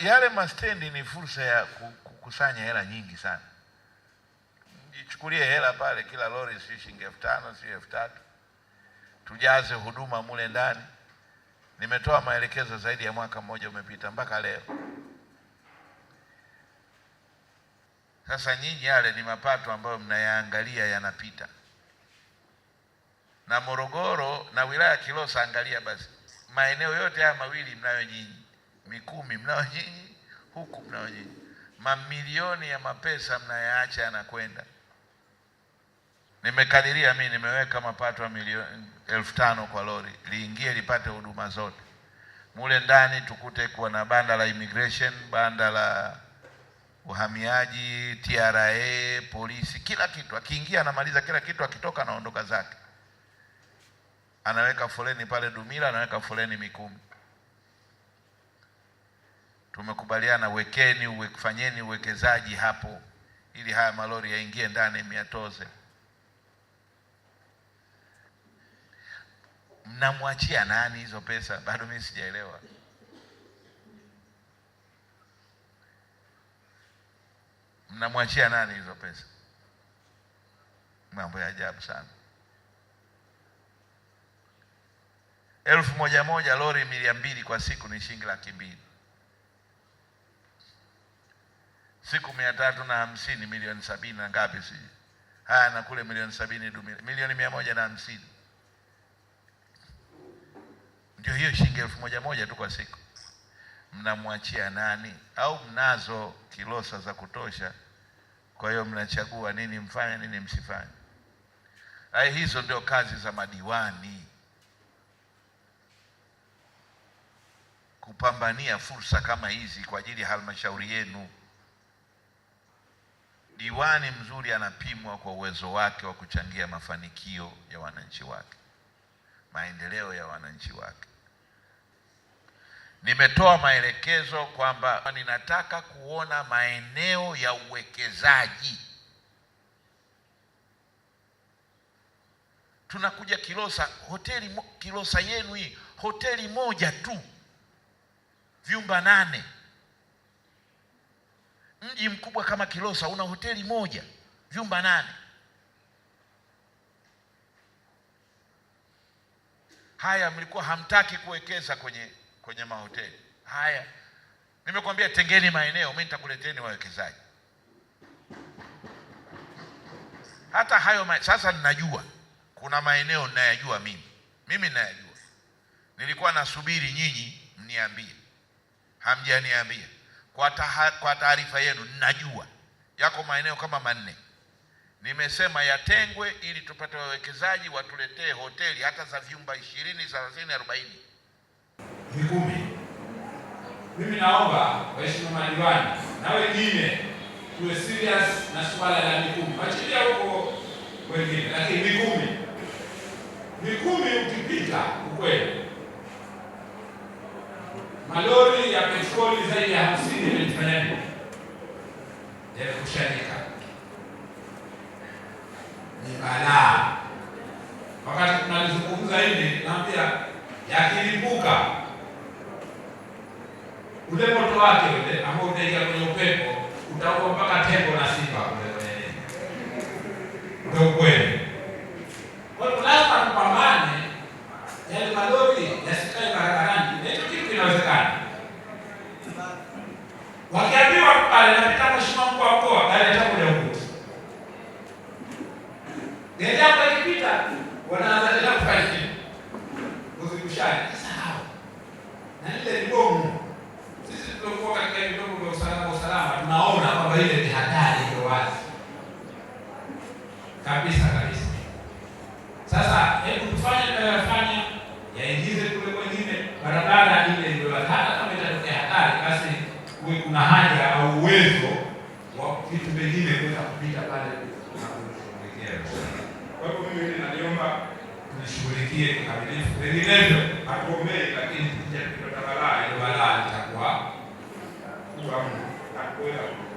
yale mastendi ni fursa ya kukusanya hela nyingi sana. Jichukulie hela pale, kila lori si shilingi elfu tano si elfu tatu tujaze huduma mule ndani. Nimetoa maelekezo zaidi ya mwaka mmoja umepita mpaka leo. Sasa nyinyi, yale ni mapato ambayo mnayaangalia yanapita, na Morogoro na wilaya Kilosa, angalia basi maeneo yote haya mawili mnayo nyinyi Mikumi mnao nyinyi, huku mnao nyinyi. Mamilioni ya mapesa mnayaacha yanakwenda. Nimekadiria mimi, nimeweka mapato ya milioni elfu tano kwa lori liingie lipate huduma zote mule ndani, tukute kuwa na banda la immigration, banda la uhamiaji, TRA, polisi, kila kitu. Akiingia anamaliza kila kitu, akitoka anaondoka zake, anaweka foleni pale Dumila, anaweka foleni Mikumi tumekubaliana, wekeni fanyeni uwekezaji hapo ili haya malori yaingie ndani miatoze Mnamwachia nani hizo pesa? Bado mimi sijaelewa. Mnamwachia nani hizo pesa? Mambo ya ajabu sana. Elfu moja moja lori mia mbili kwa siku ni shilingi laki mbili. siku mia tatu na hamsini milioni sabini na ngapi si haya na kule milioni sabini milioni mia moja na hamsini ndio hiyo shilingi elfu moja moja tu kwa siku. Mnamwachia nani? Au mnazo Kilosa za kutosha? Kwa hiyo mnachagua nini mfanye, nini msifanye. Haya, hizo ndio kazi za madiwani, kupambania fursa kama hizi kwa ajili ya halmashauri yenu. Diwani mzuri anapimwa kwa uwezo wake wa kuchangia mafanikio ya wananchi wake, maendeleo ya wananchi wake. Nimetoa maelekezo kwamba ninataka kuona maeneo ya uwekezaji. Tunakuja Kilosa, hoteli Kilosa yenu hii hoteli moja tu vyumba nane mji mkubwa kama Kilosa una hoteli moja vyumba nane. Haya, mlikuwa hamtaki kuwekeza kwenye kwenye mahoteli haya. Nimekwambia tengeni maeneo, mimi nitakuleteni wawekezaji hata hayo ma... Sasa ninajua kuna maeneo ninayajua mimi, mimi ninayajua, nilikuwa nasubiri nyinyi mniambie, hamjaniambia. Kwa taarifa yenu ninajua yako maeneo kama manne nimesema yatengwe ili tupate wawekezaji watuletee hoteli hata za vyumba ishirini, thelathini, arobaini, vikumi. Mimi naomba waheshimiwa madiwani na wengine tuwe serious na suala la Mikumi, wachilia huko wengine, lakini Mikumi, Mikumi ukipita ukweli malori ya petroli zaidi ya hamsini yalifanyaje, yalikushanyika. Ni balaa. Wakati tunalizungumza hivi, naambia yakilipuka, ule moto wake ule ambao utaingia kwenye upepo utaua mpaka tembo na simba kule kwenye, ndio kweli Nedaka ikipita wanaanza tena kufanya kitu kuzungushana. Sasa na ile libomu, sisi tuliokuwa katika vyombo vya usalama usalama tunaona kwamba ile ni hatari iliyo wazi kabisa kabisa. Sasa hebu tufanye tunayoyafanya, yaingize kule kwengine, barabara ile iliyo hata kama itatokea hatari, basi kuwe kuna haja au uwezo wa vitu vingine kuweza kupita pale na kuelekea kwa hivyo mimi ninaliomba tulishughulikie kikamilifu, vinginevyo hatuombee, lakini tija balaa, ile balaa litakuwa kubwa mno na kuweza